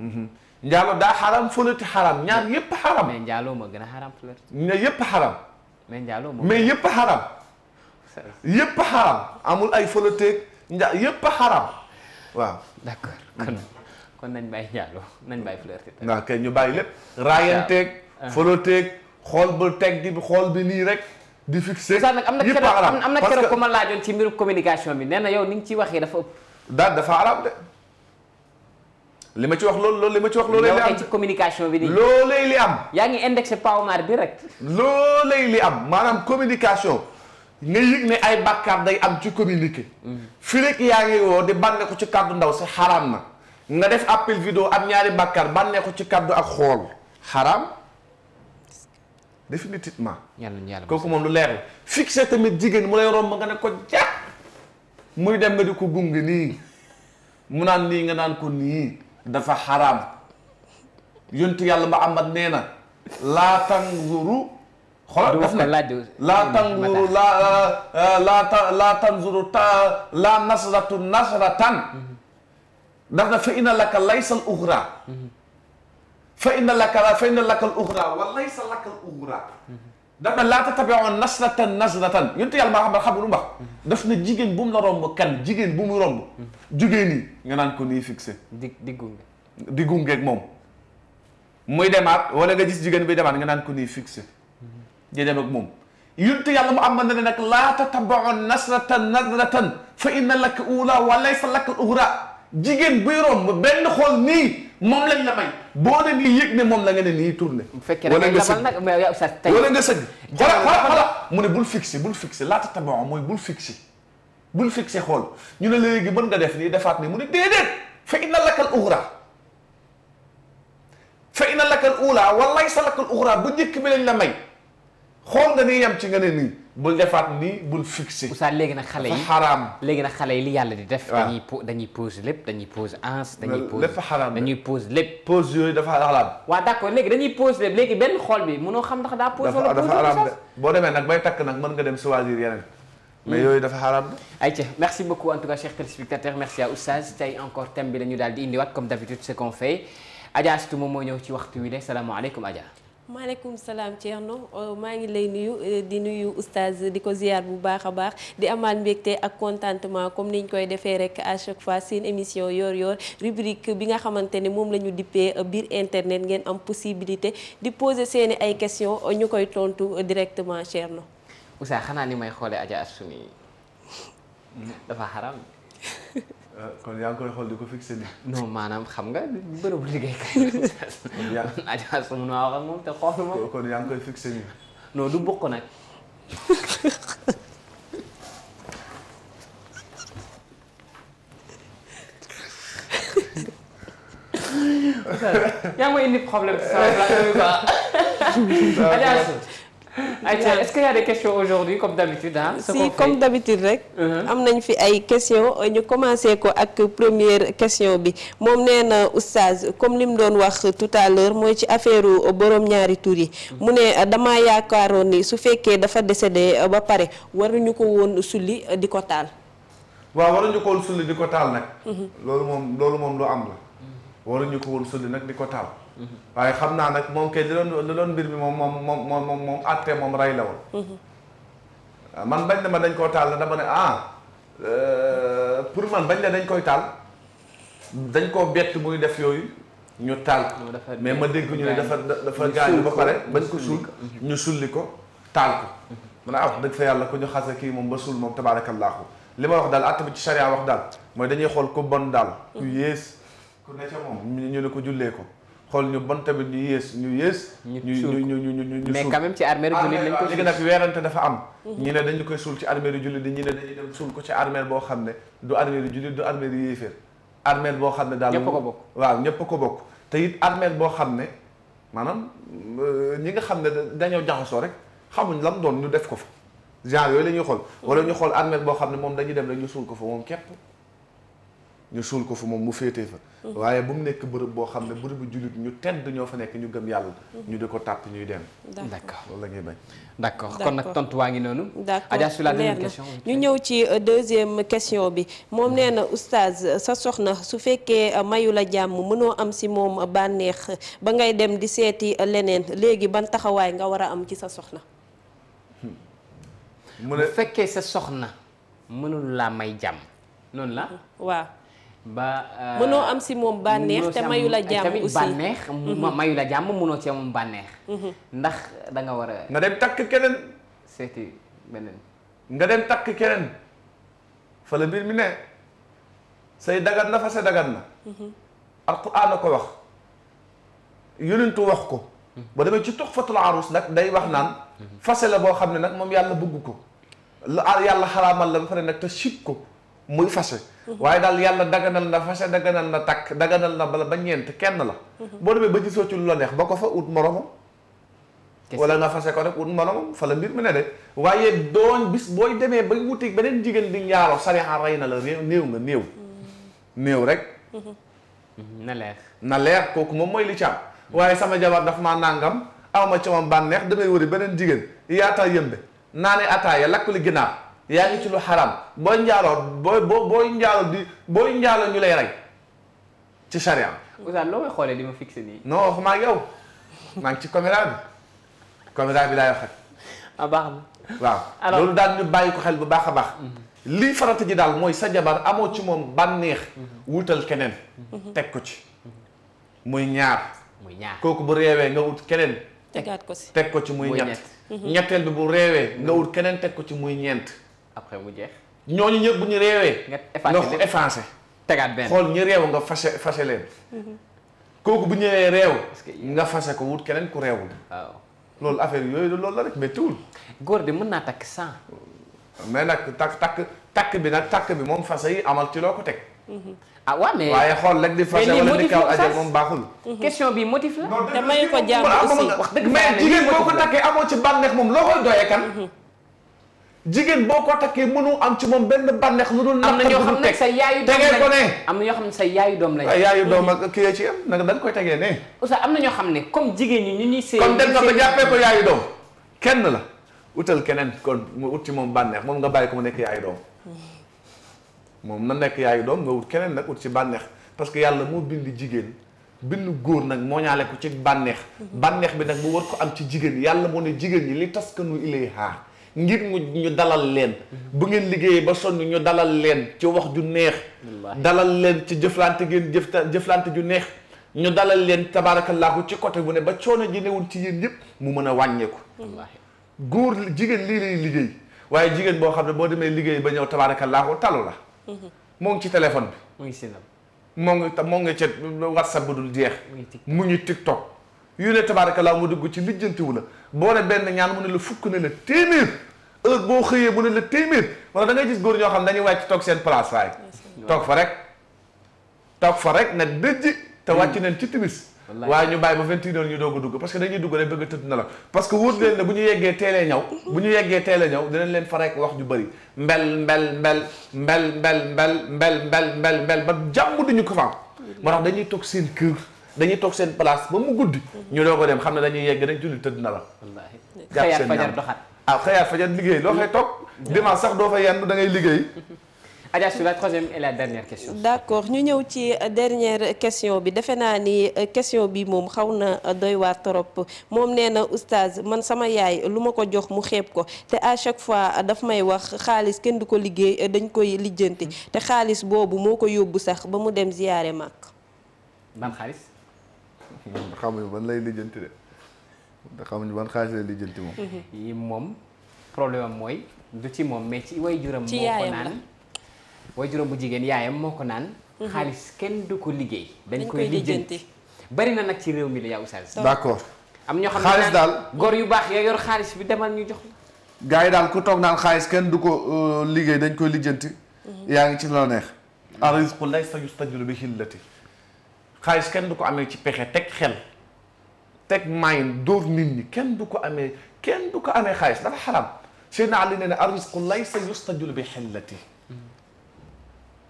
Mhm. njaalo daa xaraam flirter xaraam ñaar yépp xaraam. njaalo moo gën a xaraam flirter. mais Ndiallo moom mais yëpp a xaram. amul ay foloteeg nja yëpp a xaram waaw. d' accord kon kon nañ bàyyi Ndiallo nañ bàyyi flirté. waaw kay ñu bàyyi lépp. raayanteeg ah. foloteeg xool ba teg bi xool bi nii rek. di fixé yëpp a xaram am na keroog am na keroog ku ci mbiru communication bi nee na yow ni nga ciy waxee dafa ëpp. daal dafa xaram de. li ma ci wax loolu loolu li ma ci wax loolay li am communication bi nii loolay li am yaa ngi index indexé bi rek direct loolay li am maanaam communication nga yëg ne ay bàkkaar day am ci communiqué mm-hmm. fi rek yaa ngi woo di bànne ko ci kàddu ndaw si xaraam na nga def appel vidéo ak ñaari bàkkaar bànnee ko ci kàddu ak xool xaraam définitivement kooku moom lu leer la fixé tamit jigéen mu lay romb nga ne ko jàpp muy dem nga di ko gunge nii mu naan nii nga naan ko nii dafa xaraam yontu yàlla Muhammad nee na laa tanzuru xoolal daf ne laa tanzuru laa euh, laa laa tanzuru ta laa nasratu nasratan daf na fa inna laka laysa al uxra mhm. fa inna laka fa inna laka al uxra wa laysa laka al uxra daf na laata tabiwoon nasratan nasratan yontu yàlla maa xam lu mu wax daf na jigéen bu mu la romb kan jigéen bu mu romb jugee nii nga naan ko nii fixé di di gunge di gungeeg demaat wala nga gis jigéen bi demaat nga naan ko nii fixé di dem ak moom yontu yàlla mu am nag laata tabiwoon fa inna laka ula wa laysa jigéen buy romb benn xool nii moom lañ la may boo ne nii yëg ne moom la nga ne nii tourné. bu fekkee da nga labal nag mais yow sa tey wala nga sëgg wala wala mu ne bul fixé bul fixé te tabax mooy bul fixé bul fixé xool ñu ne léegi mën nga def nii defaat nii mu ne déedéet fa inna lakal uxra fa inna lakal uula wallaay sa lakal uxra bu njëkk bi lañ la may. xool nga ni yem ci nga ne nii bul defaat nii bul fixé. oustaz léegi nag xale yi dafa xaraam léegi nag xale yi li yàlla di def. dañuy po dañuy pose lépp dañuy pose ans. dañuy pose lépp xaraam lépp. pose yooyu dafa xaraam. waaw d' accord léegi dañuy pose lépp léegi benn xool bi mënoo xam ndax daa pose wala pose dafa xaraam de boo demee nag bay takk nag mën nga dem choisir yeneen. mais hmm. yooyu dafa xaraam. ayca merci beaucoup en tout cas chers téléspectateurs merci à oustaz tey encore thème la ñu daal di indi indiwaat comme d' habitude ce qu' on fait Adja Astou moo ñëw ci waxtu wi de salaamaaleykum Adja maaleykum salaam Thierno euh, maa ngi lay nuyu euh, di nuyu oustaz di ko ziar bu baax a baax di amaat mbégte ak contentement comme niñ koy defee rek à chaque fois seen émission yor-yor rubrique bi nga xamante ne moom la ñu dippee biir internet ngeen am possibilité di poser seeni ay questions ñu koy tontu directement Thierno. Oustaz xanaa ni may xoolee Adja Assoumi dafa xaram. Eh, kon yaa xool di ko fixé nii. non maanaam xam nga bërëbu liggéeykaay. kon yaa ngi mun naa moom te xool moom. kon yaa ngi koy fixé du bokk yaa ngi may indi problème ci sama plan bi quoi. Aïcha est-ce qu'il y a des si comme d'habitude rek. Uh-huh. am nañ fi ay questions ñu commencé ko ak première question bi moom nee na oustaz comme li mu doon wax tout mooy ci affaire borom ñaari tour yi. mu ne damaa yaakaaroon ni su fekkee dafa décédé uh, ba pare waruñu ko woon sulli uh, di ko taal. waaw waruñu ko woon sulli di ko taal nag. Mhm. loolu moom loolu moom lu am la. Mhm. waruñu ko woon sulli nag di ko taal. waaye xam naa nag moom kay li doon li doon mbir moom moom moom moom moom moom àtte moom rey la woon mhm. ah, man bañ na ma dañ koo taal la dama ne ah euh, pour man bañ la dañ koy taal dañ koo bett muy def yooyu ñu taal mais ma dégg ñu ne dafa dafa gaañu ba pare bañ ko suul mhm. ñu sulli ko taal ko mu mhm. a ah dëgg fa yàlla ku ñu xase kii moom ba suul moom tabaarakallaahu li ma wax daal àtt bi ci charia wax daal mooy dañuy xool ku bon daal ku yées ku ne ca moom ñu ne ko jullee ko xool ñu bon tamit ñu yées ñu yées. ñu ñu ñu ñu ñu mais quand ci armée ah, jullit lañ ko léegi nag weerante dafa am. Mhm. ñi ne dañu koy suul ci armée jullit di ñi ne dañuy dem suul ko ci armée boo xam ne du armée jullit du armée yéeféer armée boo xam ne daal ñëpp ko bokk waaw ñëpp ko bokk te it armée boo xam ne maanaam euh, ñi nga xam ne dañoo jaxasoo rek xamuñ lam doon ñu def ko fa genre yooyu la ñuy xool. wala ñu xool armée boo xam ne moom dañuy dem rek ñu suul ko fa moom képp. ñu suul ko fu moom mu féetee fa mm-hmm. waaye bu mu nekk bërëb boo xam ne bërëbu jullit ñu tedd ñoo fa nekk ñu gëm yàlla mm-hmm. ñu di ko tàpp ñuy dem d'accord loolu la ñuy bañ d'accord kon nag tontu waa ngi noonu Adja sur la deuxième ñu ñëw ci euh, deuxième question bi moom nee na oustaz sa soxna su fekkee euh, mayu la jàmm mënoo am si moom bànneex ba ngay dem di seeti leneen léegi ban taxawaay nga war a am ci sa soxna hmm. mu fekkee sa soxna mënul laa may jàmm noonu la waaw ba. Euh, mënoo am si moom bànneex te mayu la jàmm aussi bànneex mhm. mayu la jàmm mënoo si moom bànneex. Mhm. ndax da nga war a. nga dem takk keneen. seeti beneen. nga dem takk keneen. fa la mbir mi ne. say dagan na fa sa dagan na. Mhm. alquran a ko wax. yonentu wax ko. ba demee ci tuxfatul arus nag day wax naan. fase la boo xam ne nag moom yàlla bëgg ko. la yàlla xaraamal la ba pare nag te sib ko. muy fase mhm. waaye daal yàlla daganal na fase daganal na takk daganal na bala ba ñeent kenn la mhm. boo demee ba gisoo ci lu la neex ba ko fa ut moromam wala nga fase ko rek ut moromam fa la mbir mi ne de waaye doon bis booy demee ba wuti beneen jigéen di ñaaroo sariha rey na la néew néew nga néew mhm. néew rek na leer na leer kooku moom mooy li ci waaye sama jabar daf maa nangam awma ci moom bànneex damay wëri beneen jigéen yaatal yëmbe naa ne ataaya lakkuli ginaar yaa ngi ci lu xaraam booy njaaloo booy boo booy njaaloo di booy njaaloo ñu lay rey ci charia. Ousseyn loo may xoolee di ma nii. non waxuma ak yow maa ngi ci caméra bi caméra bi laay wax ak. Ah, baax na waaw loolu daal ñu bàyyi ko xel bu baax a baax. Mhm. lii farata ji daal mooy sa jabar amoo ci moom bànneex. Mhm. wutal keneen. Mhm. teg ko ci. muy ñaar. muy ñaar kooku bu reewee nga wut keneen. tegaat ko si teg ko ci muy ñett. ñetteel bi bu réewee nga wut keneen teg ko ci muy ñeent. après bu jeex. ñooñu ñëpp bu ñu réewee. nga effacé nga effacé. tegaat benn xool ñu réew nga fase fase leen. Mm-hmm. kooku bu ñëwee réew. nga fase ko wut keneen ku réewul. waaw loolu affaire yooyu loolu la rek méttiwul. góor de mën naa takk sans. mais nag takk takk bi nag takk bi moom fase yi amal ci loo ko teg. Mm-hmm. ah waaye xool rek di fase wala di kaw ajal moom baaxul. Mm-hmm. question bi motif la. damay ko jàmm aussi wax dëgg mais jigéen boo ko takkee amoo ci bànneex moom loo koy doyee jigéen boo ko takkee mënu am ci moom benn bànneex lu dul. am na ñoo xam ne sa yaayu doom lañ ko ne. am na ñoo xam ne sa yaayu doom lañ. yaayu doom ak kii ci am nag dañ koy tegee ne. oustaz am na ñoo xam ne comme jigéen ñi ñu ñuy. seen kon dem nga ba jàppee ko yaayu doom kenn la utal keneen kon mu ut ci moom bànneex moom nga bàyyi ko mu nekk yaayu doom moom na nekk yaayu doom nga ut keneen nag ut ci bànneex parce que yàlla moo bind jigéen bind góor nag moo ñaale ko ci bànneex mhm. bànneex bi nag mu war ko am ci jigéen yàlla moo ne jigéen ñi li taskanu ilayha ngir mu ñu dalal leen bu ngeen liggéeyee ba sonn ñu dalal leen ci wax ju neex dalal leen ci jëflante ngeen jëf jëflante ju neex ñu dalal leen tabaarakallaahu ci côté bu ne ba coono ji newul ci yéen yëpp mu mën a wàññeeku góor jigéen lii lay liggéey waaye jigéen boo xam ne boo demee liggéey ba ñëw tabaraka tabaarakallaahu talu la mhm. moo ngi ci téléphone bi moo ngi ci WhatsApp bu dul jeex mu ngi TikTok yu ne tabaarakallaa mu dugg ci lijjantiwu la boo ne benn ñaan mu ne la fukk ne la téeméer heure boo xëyee mu ne la téeméer wala da ngay gis góor ñoo xam dañuy wàcc toog seen place waay toog fa rek toog fa rek na dëjj te wàcc mm. nañ ci timis waaye ñu bàyyi ba vingt une heures ñu doog a dugg parce que dañuy dugg rek bëgg a tëdd na la parce que wóor leen ne bu ñu yeggee teelee ñaw bu ñu yeggee teelee ñaw dinañ leen fa rek wax ju bëri mbel mbel mbel mbel mbel mbel mbel mbel mbel mbel ba jàmm ko fa am mm. moo dañuy toog seen dañuy toog seen place ba mu guddi. ñu doo ko dem xam ne dañuy yegg rek julli tëdd na la. wallaahi xëyaat fajar doxaat ah xëyaat fajar liggéey loo fay toog. dimanche sax doo fa yendu da ngay liggéey. Adja sur la troisième et la dernière ñu ñëw ci euh, dernière question bi defe naa ni euh, question bi moom xaw na euh, doy waar trop moom nee na oustaz man sama yaay lu ma ko jox mu xeeb ko te à chaque fois daf may wax xaalis kenn du ko liggéey dañ koy lijjanti te xaalis boobu moo ko yóbbu sax ba mu dem ziyaare màkk. ban xamuñu ban lay lijjanti de te xamuñu ban xaalis lay lijjanti moom. yi moom problème am mooy du ci moom mais ci way juram. moo ko naan way juram bu jigéen yaayam moo ko naan. Mhm. xaalis kenn du ko liggéey. dañ koy lijjanti bari na nag ci réew mi la yaa oustaz. d'accord am ñoo daal góor yu baax yaa yor xaalis bi jox la. yi daal ku toog naan xaalis kenn du ko euh, dañ koy lijjanti. Mhm. yaa ngi ci la neex. ar-rizqu laysa yustajru xaalis kenn du ko amee ci pexe teg xel teg mayin dóor nit ñi kenn du ko amee kenn du ko amee xaalis dafa xaram Seydina Ali nee na arrisqu laysa yustajul bi xillati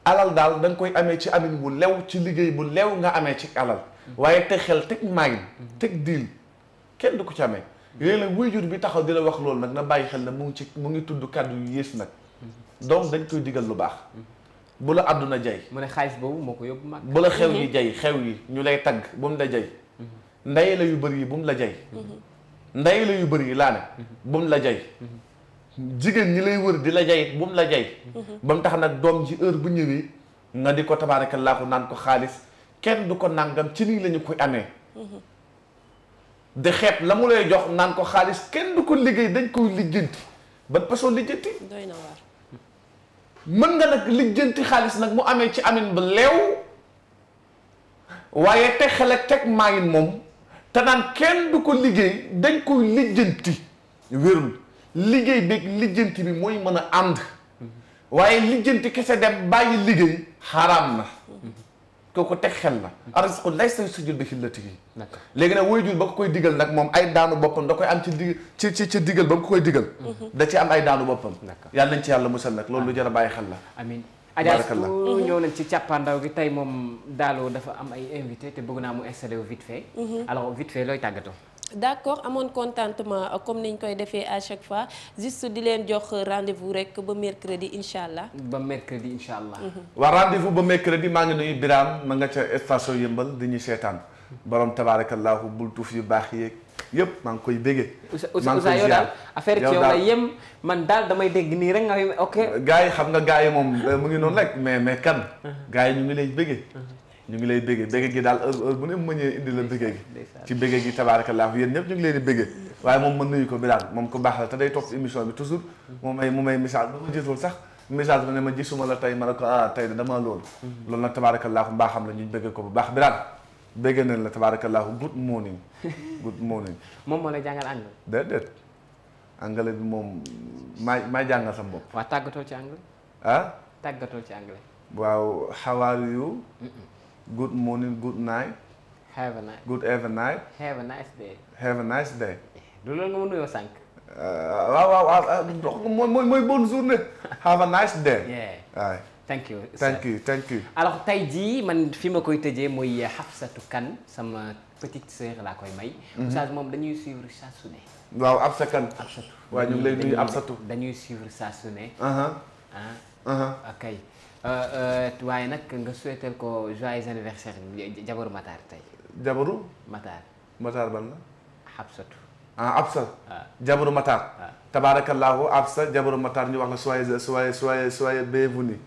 alal daal da koy amee ci amin bu lew ci liggéey bu lew nga amee ci alal waaye teg xel teg mayin teg diil kenn du ko ci amee yooyu la wayjur bi taxaw di la wax loolu nag na bàyyi xel na mu ngi ci mu ngi tudd kàddu yu yées nag donc dañ koy digal lu baax bu la àdduna jay mu ne xaalis boobu moo ko yóbbu mag bu la xew yi mhm. jay xew yi ñu lay tagg bu mu la jay mhm. ndaye la yu bëri yi bu mu la jay mhm. ndaye la yu bëri yi laa ne bu mu la jay jigéen ñi lay wër di la jay bu mu la jay ba mu tax nag doom ji heure bu ñëwee nga di ko tabaarakallaahu naan ko xaalis kenn du ko nàngam ci nii lañu ñu koy amee di xeet la mu lay jox naan ko xaalis kenn du ko liggéey dañ koy lijjanti ban façon lijjanti mën nga nag lijjanti xaalis nag mu amee ci amin ba leew waaye te xel teg maayin moom te naan kenn du ko liggéey dañ koy lijjanti wérul liggéey beeg lijjanti bi mooy mën a ànd mm-hmm. waaye lijjanti kese dem bàyyi liggéey xaraam na mm-hmm. kooku teg xel la arrisqu laysa yustajal bi xillatihi léegi nag waajur ba ko koy digal nag moom ay daanu boppam da koy am ci dig ci ci ci digal ba ko koy digal mhm. da ci am ay daanu boppam yàlla nañ ci yàlla musal nag loolu lu jar a bàyyi xel la amiin Adjaratou ñëw nañ ci càppaandaw gi tey moom daaloo dafa am ay invité te bëgg naa mu installé wu vite fait mhm. alors vite fait looy tàggatoo d'accord amoon contentement euh, comme niñ koy defee à chaque fois juste di leen jox rendez-vous rek ba mercredi incha allah. ba mercredi incha allah. Mhm. waaw rendez-vous ba mercredi maa ngi nuyu Birame ma nga ca station yëmbal di ñu seetaan borom tabaarakallaahu bul tuuf yu baax yeeg yëpp maa ngi koy béggee. maa ngi koy yow daal affaire yow la yem man daal damay dégg nii rek nga ok. gars yi xam nga gars yi moom euh, mu ngi noonu rek mais mais kan. Mhm. gars yi ñu ngi lay béggee. Mhm. ñu ngi lay béggee béggee gi daal heure bu ne mu ñëwee indi la béggee gi ci béggee gi tabaarakallaahu yéen ñëpp ñu ngi leen di waaye moom mën nuyu ko bi daal moom ko baax la te day topp émission bi toujours mu may mu may message ba ma jiitul sax message bi ne ma gisuma la tey ma ne ko ah tey dama loolu mhm. loolu nag tabaarakallaahu mbaaxam la ñu béggee ko bu baax bi daal béggee nañ la tabaarakallaahu good morning good morning moom moo lay jàngal anglais déedéet bi moom maay maay jàngal sama bopp waaw tàggatoo ci anglais ah tàggatoo ci anglais waaw how are good morning good night. have a nice good have night. have a nice day. have du loolu nga ma nuyoo sànq. Uh, waaw waaw waaw ndox ah, mooy mooy journée. have a nice day. waay. thank you thank you thank you. alors tey jii man fi ma koy tëjee mooy Hafsatou kan sama petite sœur laa koy may. Mhm. oustaz moom dañuy suivre saa su waaw Absa Kane. Absatou waaw ñu ngi lay dañuy suivre saa su ne. Euh, euh, waaye nag nga souhaiter ko joyeux anniversaire jabaru Matar tey. jabaru. Matar. Matar ban la. Habsatu. ah Absa. waaw ah. jabaru Matar. waaw ah. tabaarakallaahu Absa jabaru Matar ñu wax la soyez soyez soyez soyez bienvenue.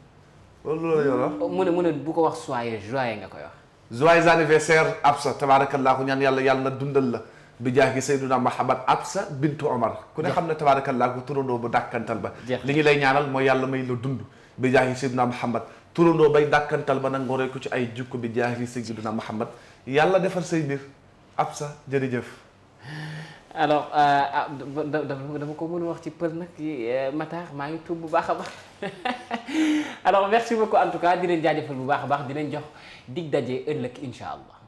loolu loolu la ah. mu ne mu ne bu ko wax soyez joyeux nga koy wax. joyeux anniversaire Absa tabaarakallaahu ñaan yàlla yàlla na dundal la. bi jaaxi Seydina Mahamad Absa Bintu Omar. ku ne xam ne tabaarakallaahu turandoo bu dàkkantal ba. li ñu lay ñaanal mooy yàlla may la dund. bi jaahi Seydina Muhammad turandoo bay dàkkantal ba na ngoree ko ci ay jukko bi jaahi Seydina Muhammad yàlla defar say mbir ab sa jërëjëf alors euh, ah dama ko mën wax ci pël nag euh, Matar maa ngi tuub bu baax a baax alors merci beaucoup en tout cas di leen jaajëfal bu baax a baax dinañ jox dig daje ëllëg incha allah